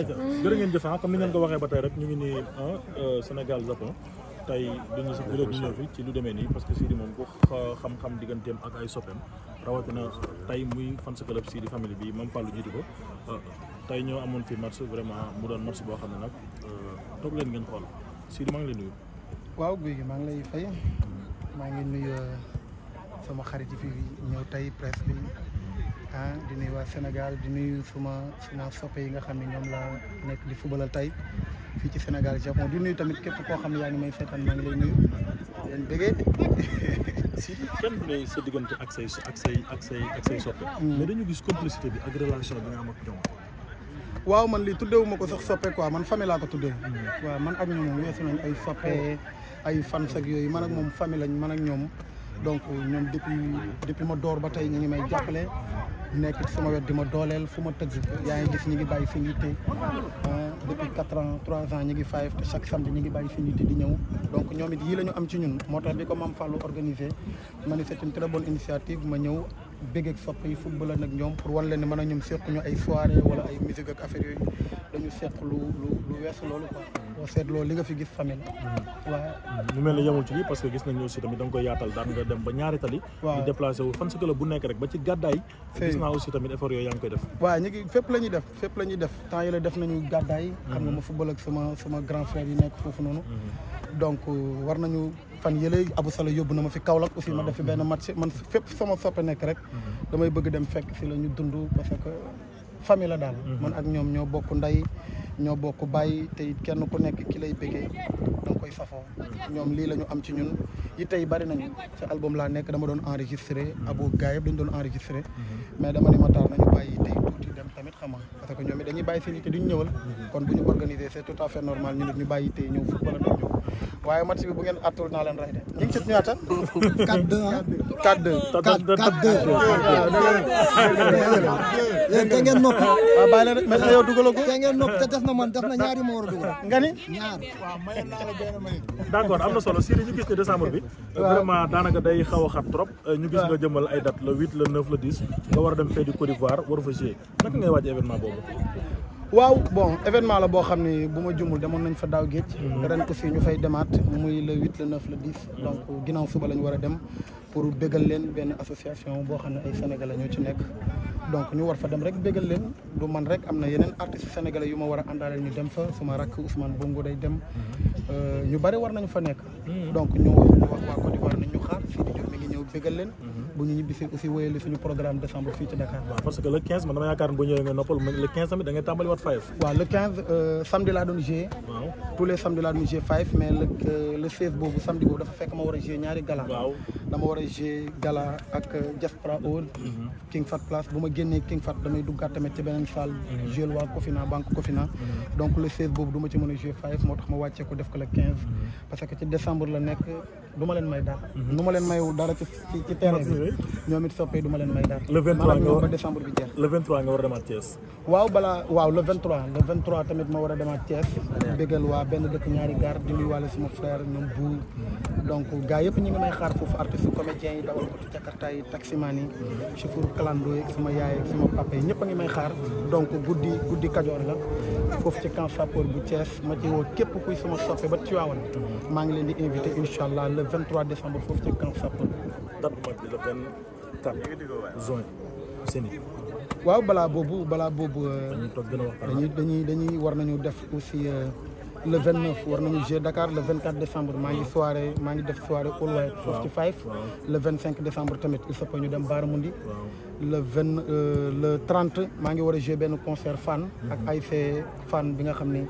ayca jërë ngeen jëf ah, comme ni ngeen ko waxee ba tey rek ñu ngi nii ah, euh, Sénégal Japon tey dañu si gërëm ñëw fi ci lu demee nii parce que Sidi moom ko xam-xam digganteem ak ay soppeem rawatina tey muy fan sa club Sidi famille bi Mame Fallou jiitu ko ah, tey ñoo amoon fi match vraiment mu doon match boo xam ne nag euh, toog leen ngeen xool Sidi maa ngi lay nuyu. waaw guy gi maa ngi lay fay maa ngi nuyu euh, sama xarit yi fi ñëw tey presse bi. ah di nuyu waa Sénégal di nuyu suma suma soppe yi nga xam ne ñoom laa nekk di fubalal tey fii ci Sénégal Japon di nuyu tamit képp koo xam ne yaa ngi may seetaan maa ngi lay nuyu leen diggante ak say ak say ak say ak say mm. dañu gis complicité bi bi nga am waaw man lii tuddeewu ma ko sax soppe quoi man famille laa ko tuddee. Mm. waaw man ak ñoom weesu nañ ay soppe ay fan ak yooyu man ak moom famille lañ man ak ñoom donc ñoom depuis depuis ma door ba tey ñu ngi may jàppale. nekk sama wet di ma dooleel fu ma tëgg yaa ngi gis ñi ngi bàyyi seen yitte ah, depuis quatre ans trois ans ñi ngi five te chaque samedi ñi ngi bàyyi seen yitte di ñëw donc ñoom it yii la ñu am ci ñun moo tax bi ko Mame Fallou organisé ma ne c'est une très bonne initiative ma ñëw bëgg ak sopp yi football nag ñoom pour wan leen ne mën a ñoom seq ñu ay soirée wala ay musique ak affaire yooyu dañu seq lu lu lu weesu loolu li nga fi gis famille la. Mm-hmm. waaw. ñu mel ni yemul ci lii parce que gis nañu aussi tamit da koy yaatal daan nga dem ba ñaari tali. waaw di déplacé wu fan si club bu nekk rek ba ci gàddaay. gis naa aussi tamit effort yooyu yaa koy def. waaw ñu ngi fépp la ñuy fépp la ñuy def temps yële def nañu gàddaay. xam nga mm-hmm. ma football ak sama sama grand frère yi nekk foofu noonu. Mm-hmm. donc euh, war nañu fan yële abu Sala yóbbu na ma fi Kaolack aussi ma def fi benn match man fépp sama soppe nekk rek mhm. damay bëgg dem fekk si la ñu dund parce que famille la daal mhm. man ak ñoom ñoo bokk ndey ñoo bokk bàyyi tey kenn ku nekk ki lay bëggee danga koy safoo ñoom lii la ñu am ci ñun yi tey bari nañu ci album laa nekk dama doon enregistré abo gars yëpp dañu doon enregistré mm-hmm. mais dama ne ma taar nañu bàyyi tey tuuti dem tamit xam nga parce que ñoom it dañuy bàyyi seen yitte duñu ñëwal mm-hmm. kon bu ñu organisé c'est tout à fait normal ñu nit ñu bàyyi tey ñëw football la ñëw waaye match bi bu ngeen attul naa leen rey de ñu ngi ci ñaata 4 2 4 2 4 2 yéen ah, te ngeen noppi waaw def na man def na ñaari ma war a dugal nga ni ñaar d'accord am na solo Siri ñu gis ne décembre bi tamit euh, vraiment daanaka day xaw a xat trop euh, ñu gis nga jëmal ay date le huit le neuf le dix nga war a dem fee di Côte war a fa jouer naka ngay waaj événement boobu waaw bon événement la boo xam ne bu ma jumul demoon nañ fa daaw géej mm-hmm. ren aussi ñu fay demaat muy le huit le neuf le dix mm-hmm. donc ginnaaw suba la ñu war a dem pour bégal leen benn association boo xam ne ay sénégalais ñoo ci nekk donc ñu war fa dem rek bégal leen du man rek am na yeneen artistes sénégal yu ma war a àndaale ñu dem fa suma rakk Ousmane Bongo day dem mm-hmm. euh, ñu bëri war nañu fa nekk donc ñu wax waa Côte d'Ivoire nañ ñu xaar fii di ñëw bégal leen bu ñu ñibbi si aussi wéyale suñu programme décembre fii ci Dakar. waaw parce que le 15 man dama yaakaar ne bu ñëwee noppal le 15 tamit tàmbali waat Five. waaw le 15 euh, samedi laa doon waaw tous samedi laa doon Five mais le euh, le 16 boobu samedi boobu dafa fekk ma war a jouer ñaari gala. waaw dama war a jouer gala ak Jeff euh, Praor mhm. King Fat Place bu ma génnee King Fat damay duggaat tamit ci beneen salle mhm. jouer waa Kofina banque Kofina mhm. donc le 16 boobu du ma ci mën a jouer five moo tax ma wàccee ko def le 15 parce que ci décembre la nekk du ma leen may dara du ma leen mayu dara ci ci terrain te ñoom it soppee du ma leen may dara le 23 war a décembre bi jeex le a demaat Thiès waaw balaa waaw le 23 tamit ma war a demaat Thiès bégal waa benn dëkk ñaari gar di nuyu waale sama buur donc gars yëpp ñu ngi may xaar foofu artiste su comédiens yi dawal ko ci jakarta yi taximan yi chauffeur clando yi sama yaay sama papa yi ñëpp a ngi may xaar donc guddi guddi kajoor la foofu ci camp Sapeur bu Thiès ma ci woo képp kuy sama soppe ba Tiwaawan maa ngi leen di invité incha allah le 23 décembre foofu ci camp Sapeur date bu mag waaw balaa boobu balaa boobu euh, dañuy dañuy dañuy war nañu def aussi euh, le 29 war nañu jouer Dakar le 24 décembre maa ngi soirée maa ngi def soirée all white foofu five le 25 décembre tamit il se ñu dem Baaramundi le 20 euh, le trente maa ngi war a jouer benn concert fan ak mhm. ay fee fan bi nga xam ni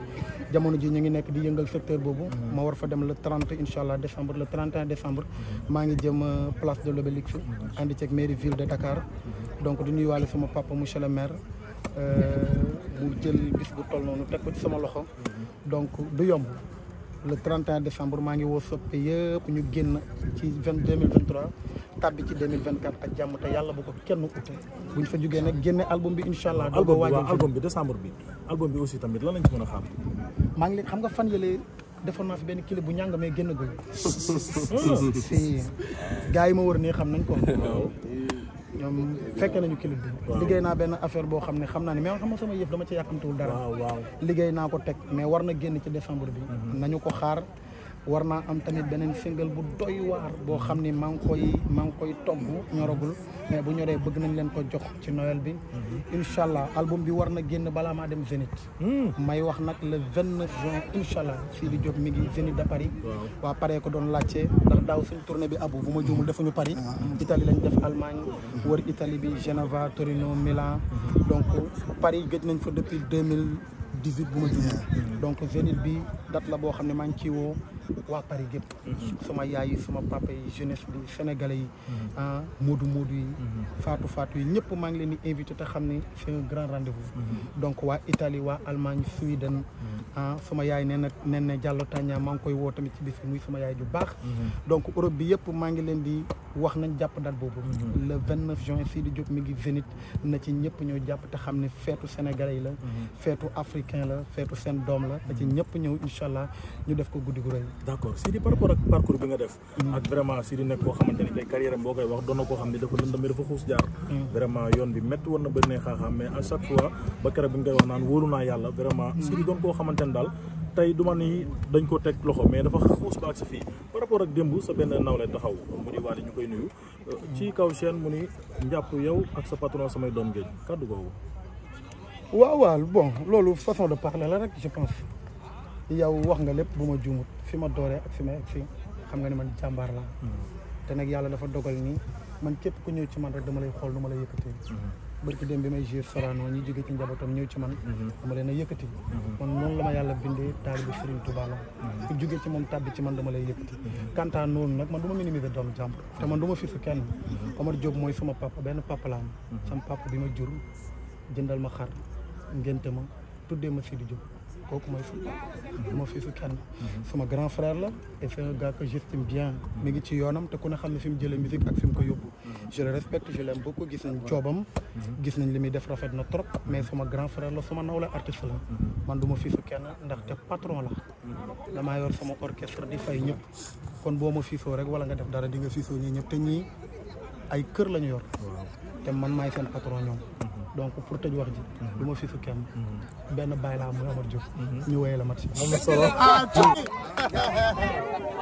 jamono ji ñu ngi nekk di yëngal secteur boobu mhm. ma war fa dem le 30 incha allah décembre le 31 décembre mhm. maa ngi jëm euh, place de l'Obélisque ànd ceeg mairie ville de Dakar donc du ñuy nuyuwaale sama papa monsieur le maire euh, mu jël bis bu toll noonu teg ko ci sama loxo donc du yomb le 31 décembre maa ngi woo soppe ñu génn ci 2023 tàbbi ci 2024 ak jàmm te yàlla bu ko kenn ute bu ñu fa jógee nag génne album bi incha allah. album bi waaw album bi décembre bi album bi aussi tamit lan lañ ci mën a xaar. maa ngi leen xam nga fan yële defoon naa fi benn clip bu ñàng mais génn gul. si gars yi ma war nii xam nañ ko. ñoom fekkee nañu clip bi liggéey naa benn affaire boo xam ne xam naa ne mais xam nga sama yëf dama ci yàqamtuwul dara liggéey naa ko teg mais war na génn ci décembre bi mhm. nañu ko xaar war naa am tamit beneen single bu doy waar boo xam ni maa ngi koy maa ngi koy togg ñoragul mais bu ñoree bëgg nañ leen ko jox ci Noël bi mhm. incha allah album bi war na génn balaa maa dem Zénith hmm. may wax nag la vingt neuf juin incha allah fii di Diop mi ngi Zénith de Paris waa paree ko doon laajte ndax daaw suñ tournée bi abu bu ma juumul defuñu Paris ah. Italie lañ def Allemagne wër Italie bi Genova Torino Milan mhm. donc Paris gëj nañ fa depuis deux mille dix-huit bu ma juumul bi date la boo xam ne maa ngi ciy woo waa Paris gépp sama yaay yi sama papa yi jeunesse bi sénégalais yi mhm. ah moodu moodu yi mhm. faatu faatu yi ñëpp maa ngi leen di invité te xam ne c'est un grand rendez-vous mhm. donc waa Italie waa Allemagne Suède ah sama yaay nee na nee na Diallo Tagna maa ngi koy woo tamit ci bis bi muy sama yaay ju baax donc Europe bi yëpp maa ngi leen di wax nañ jàpp date boobu. Mhm. le 29 juin Sidi Diop mi ngi Zénith na ci ñëpp ñëw jàpp te xam ne feetu sénégalais yi la. Mhm. feetu africain la feetu seen doom la. da ci mhm. ñëpp ñëw incha allah ñu def ko guddi gu rëy. d' accord Sidi parcours ak parcours bi nga def. ak vraiment Sidi nekk koo xamante ne tey carrière boo koy wax doon na koo xam ne dafa lëndëm dafa xuus jaar. vraiment yoon bi métti woon na bëri na xaaxaam mais à chaque fois ba keroog bi nga wax naan wóolu naa xamante ne daal tey du ma ni dañ ko teg loxo mais dafa xuus ba ak sa fii par rapport ak démb sa benn nawle taxaw mu di wàlli ñu koy nuyu ci kaw seen mu ni njàpp yow ak sa patron samay doom jël kàddu googu waaw waaw bon loolu façon de parler la rek je pense yow wax nga lépp bu ma juumut fi ma dooree ak fi ma ak fi xam nga ne man jàmbaar laa hmm. te nag yàlla dafa dogal nii man képp ku ñëw ci man rek dama lay xool nu ma lay yëkkatee hmm. barki dem bi may joué Sorano ñi jóge ci njabootam ñëw ci man mhm. dama leen a yëkkati man mhm. noonu la ma yàlla bindee taalibu Serigne Touba la mhm. ku jóge ci moom tàbbi ci man dama lay yëkkati kantaa noonu nag man du ma minimiser doomu jàmbur te man du ma fisu kenn Omar Diop mooy sama papa benn papa la am sama papa bi ma jur jëndal ma xar ngénte ma tuddee ma di Diop kooku mooy sama papa du ma fisu kenn sama grand frère la et c'est un gars que j'estime bien mi ci yoonam te fi mu ko yóbbu je le respecte je l'aime beaucoup gis nañ coobam mm-hmm. gis nañ li muy def rafet na trop mais suma grand frère la suma naw la artiste la mm-hmm. man du ma fiisu kenn ndaxte patron la mm-hmm. damaa yor sama orchestre di fay ñëpp kon boo ma fiisoo rek wala nga def dara dinga nga fiisoo ñi ñëpp te ñii ay kër la yor te man maay seen patron ñoom donc pour tëj wax ji du ma fiisu kenn benn bàyyi laa muy Omar Diop ñu woye la mat si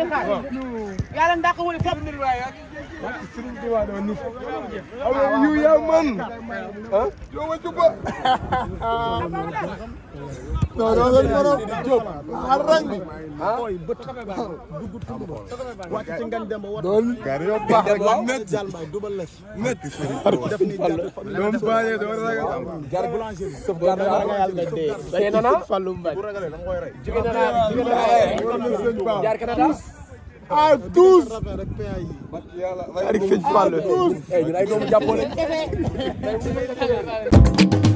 ñuy xaar. yàlla ndax wala fépp. waaw sëriñ bi waa doon nii. waaw yow yaa man. ah yow ma jubba. non non non non Diop. xar rang bi. ah wàcc ci ngañ dem ba war. doon gari yow baax rek la métti. métti def ni doom baaye doo ragal. jar boulanger. sauf jar na ragal nga dee. seen na. Fallou Mbaye. jigéen na jigéen na. jar kana daal. à tous. Avec Fitch Fall. À tous.